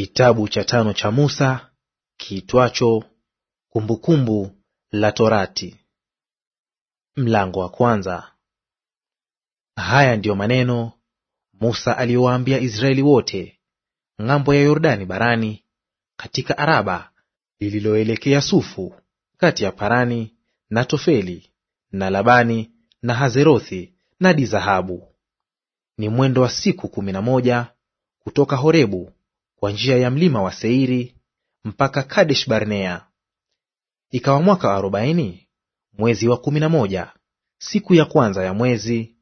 Kitabu cha tano cha Musa kiitwacho Kumbukumbu la Torati, mlango wa kwanza. Haya ndiyo maneno Musa aliyowaambia Israeli wote ng'ambo ya Yordani barani, katika Araba lililoelekea Sufu, kati ya Parani na Tofeli na Labani na Hazerothi na Dizahabu; ni mwendo wa siku kumi na moja kutoka Horebu kwa njia ya mlima wa Seiri mpaka Kadesh Barnea. Ikawa mwaka wa arobaini mwezi wa kumi na moja siku ya kwanza ya mwezi,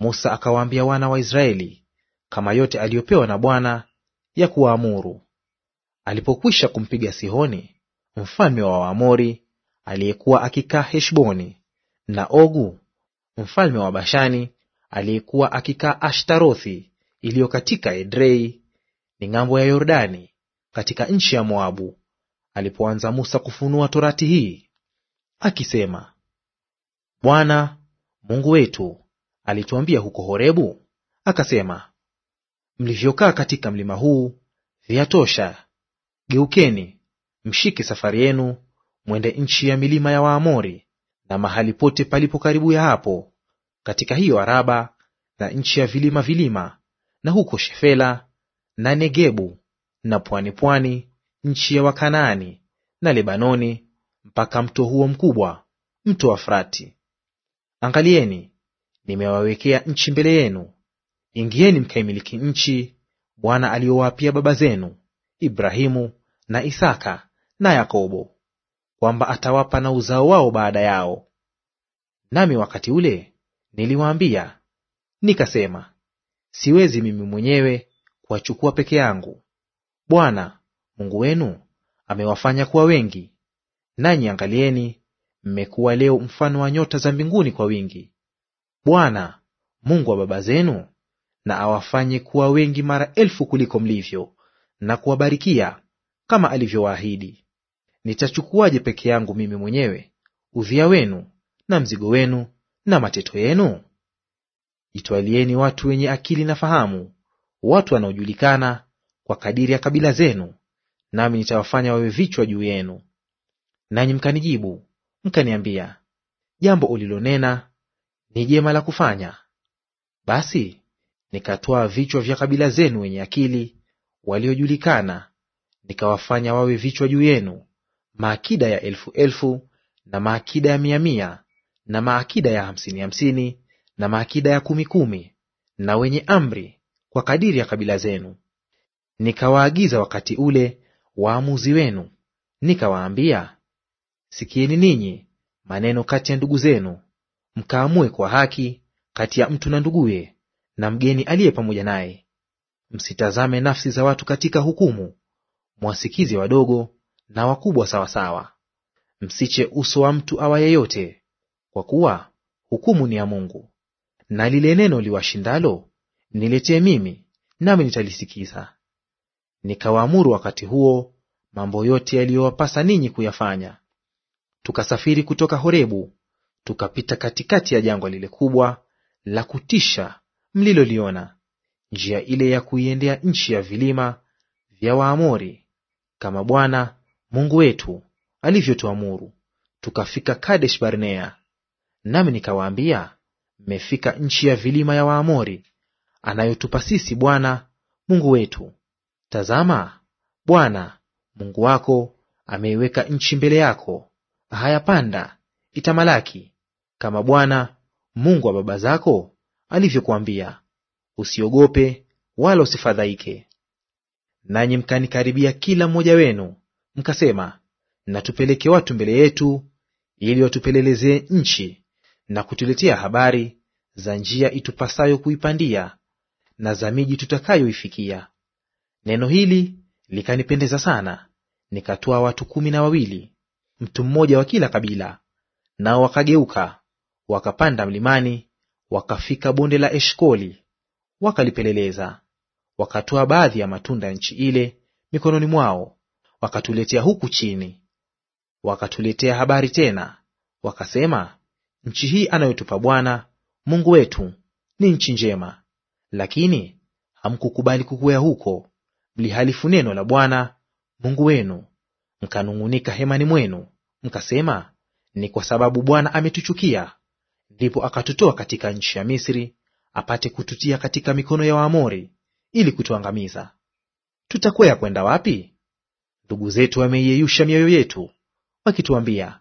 Musa akawaambia wana wa Israeli kama yote aliyopewa na Bwana ya kuwaamuru. Alipokwisha kumpiga Sihoni mfalme wa Waamori aliyekuwa akikaa Heshboni, na Ogu mfalme wa Bashani aliyekuwa akikaa Ashtarothi iliyo katika Edrei, ni ng'ambo ya Yordani katika nchi ya Moabu, alipoanza Musa kufunua torati hii akisema, Bwana Mungu wetu alituambia huko Horebu akasema, mlivyokaa katika mlima huu vyatosha; geukeni mshike safari yenu, mwende nchi ya milima ya Waamori na mahali pote palipo karibu ya hapo, katika hiyo Araba na nchi ya vilima vilima, na huko Shefela na Negebu na pwani pwani, nchi ya Wakanaani na Lebanoni, mpaka mto huo mkubwa, mto wa Frati. Angalieni, nimewawekea nchi mbele yenu, ingieni mkaimiliki nchi Bwana aliyowaapia baba zenu Ibrahimu na Isaka na Yakobo, kwamba atawapa na uzao wao baada yao. Nami wakati ule niliwaambia nikasema, siwezi mimi mwenyewe kuwachukua peke yangu. Bwana Mungu wenu amewafanya kuwa wengi, nanyi angalieni, mmekuwa leo mfano wa nyota za mbinguni kwa wingi. Bwana Mungu wa baba zenu na awafanye kuwa wengi mara elfu kuliko mlivyo, na kuwabarikia kama alivyowaahidi. Nitachukuaje peke yangu mimi mwenyewe udhia wenu na mzigo wenu na mateto yenu? Jitwalieni watu wenye akili na fahamu, watu wanaojulikana kwa kadiri ya kabila zenu, nami nitawafanya wawe vichwa juu yenu. Nanyi mkanijibu mkaniambia, jambo ulilonena ni jema la kufanya. Basi nikatwaa vichwa vya kabila zenu wenye akili waliojulikana, nikawafanya wawe vichwa juu yenu, maakida ya elfu elfu na maakida ya mia mia na maakida ya hamsini hamsini na maakida ya kumi kumi na wenye amri kwa kadiri ya kabila zenu. Nikawaagiza wakati ule waamuzi wenu, nikawaambia, sikieni ninyi maneno kati ya ndugu zenu, mkaamue kwa haki kati ya mtu na nduguye na mgeni aliye pamoja naye. Msitazame nafsi za watu katika hukumu, mwasikize wadogo na wakubwa sawasawa. Msiche uso wa mtu awa yeyote, kwa kuwa hukumu ni ya Mungu. Na lile neno liwashindalo niletee mimi, nami nitalisikiza. Nikawaamuru wakati huo mambo yote yaliyowapasa ninyi kuyafanya. Tukasafiri kutoka Horebu, tukapita katikati ya jangwa lile kubwa la kutisha mliloliona, njia ile ya kuiendea nchi ya vilima vya Waamori, kama Bwana Mungu wetu alivyotuamuru. Tukafika Kadesh Barnea. Nami nikawaambia, mmefika nchi ya vilima ya Waamori anayotupa sisi Bwana Mungu wetu. Tazama, Bwana Mungu wako ameiweka nchi mbele yako, hayapanda itamalaki, kama Bwana Mungu wa baba zako alivyokuambia. Usiogope wala usifadhaike. Nanyi mkanikaribia kila mmoja wenu, mkasema, na tupeleke watu mbele yetu, ili watupelelezee nchi na kutuletea habari za njia itupasayo kuipandia na za miji tutakayoifikia. Neno hili likanipendeza sana, nikatoa watu kumi na wawili, mtu mmoja wa kila kabila. Nao wakageuka wakapanda mlimani, wakafika bonde la Eshkoli, wakalipeleleza. Wakatoa baadhi ya matunda ya nchi ile mikononi mwao, wakatuletea huku chini. Wakatuletea habari tena, wakasema, nchi hii anayotupa Bwana Mungu wetu ni nchi njema. Lakini hamkukubali kukwea huko, mlihalifu neno la Bwana Mungu wenu, mkanung'unika hemani mwenu, mkasema, ni kwa sababu Bwana ametuchukia, ndipo akatutoa katika nchi ya Misri apate kututia katika mikono ya Waamori ili kutuangamiza. Tutakwea kwenda wapi? Ndugu zetu wameiyeyusha mioyo yetu, wakituambia,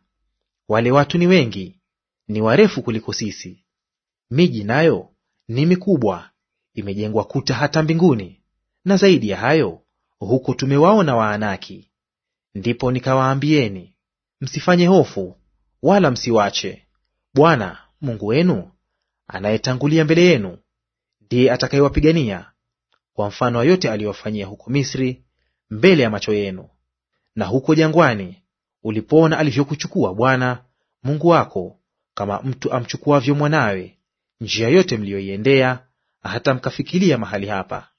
wale watu ni wengi, ni warefu kuliko sisi, miji nayo ni mikubwa, imejengwa kuta hata mbinguni, na zaidi ya hayo huko tumewaona Waanaki. Ndipo nikawaambieni, msifanye hofu wala msiwache. Bwana Mungu wenu anayetangulia mbele yenu ndiye atakayewapigania kwa mfano wa yote aliyowafanyia huko Misri mbele ya macho yenu, na huko jangwani ulipoona alivyokuchukua Bwana Mungu wako, kama mtu amchukuavyo mwanawe, njia yote mliyoiendea hata mkafikiria mahali hapa.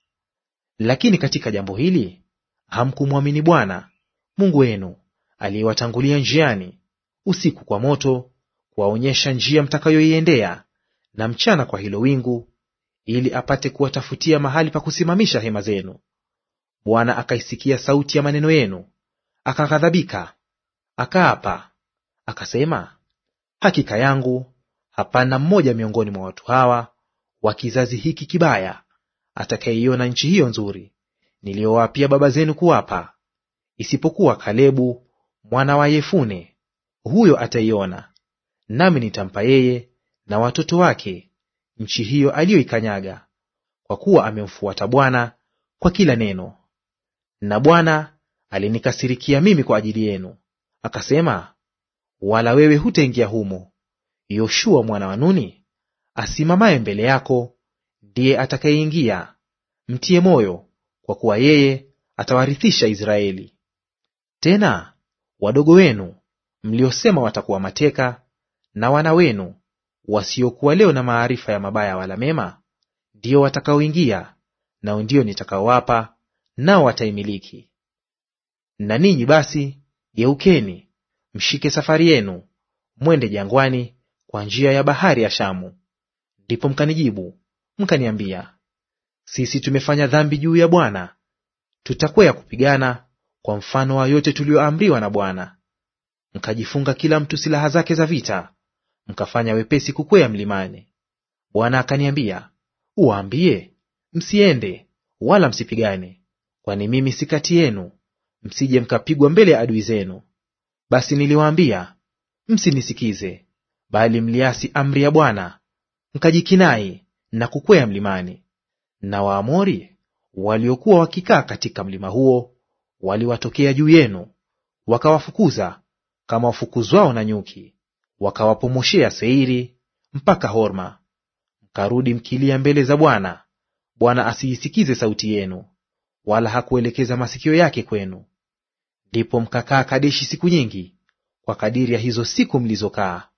Lakini katika jambo hili hamkumwamini Bwana Mungu wenu aliyewatangulia njiani usiku kwa moto, kuwaonyesha njia mtakayoiendea, na mchana kwa hilo wingu, ili apate kuwatafutia mahali pa kusimamisha hema zenu. Bwana akaisikia sauti ya maneno yenu, akaghadhabika, akaapa, akasema, hakika yangu hapana mmoja miongoni mwa watu hawa wa kizazi hiki kibaya atakayeiona nchi hiyo nzuri niliyowapia baba zenu kuwapa, isipokuwa Kalebu mwana wa Yefune; huyo ataiona, nami nitampa yeye na watoto wake nchi hiyo aliyoikanyaga, kwa kuwa amemfuata Bwana kwa kila neno. Na Bwana alinikasirikia mimi kwa ajili yenu, akasema, wala wewe hutaingia humo, Yoshua mwana wa Nuni. Asimamaye mbele yako ndiye atakayeingia, mtie moyo, kwa kuwa yeye atawarithisha Israeli. Tena wadogo wenu mliosema watakuwa mateka, na wana wenu wasiokuwa leo na maarifa ya mabaya wala mema, ndio watakaoingia, nao ndio nitakaowapa, nao wataimiliki. Na ninyi basi geukeni, mshike safari yenu, mwende jangwani kwa njia ya bahari ya Shamu. Ndipo mkanijibu mkaniambia, sisi tumefanya dhambi juu ya Bwana, tutakwea kupigana kwa mfano wa yote tuliyoamriwa na Bwana. Mkajifunga kila mtu silaha zake za vita, mkafanya wepesi kukwea mlimani. Bwana akaniambia, uwaambie msiende wala msipigane, kwani mimi si kati yenu, msije mkapigwa mbele ya adui zenu. Basi niliwaambia, msinisikize, bali mliasi amri ya Bwana mkajikinai na kukwea mlimani. Na Waamori waliokuwa wakikaa katika mlima huo waliwatokea juu yenu, wakawafukuza kama wafukuzwao na nyuki, wakawapomoshea Seiri mpaka Horma. Mkarudi mkilia mbele za Bwana, Bwana asiisikize sauti yenu, wala hakuelekeza masikio yake kwenu. Ndipo mkakaa Kadeshi siku nyingi, kwa kadiri ya hizo siku mlizokaa.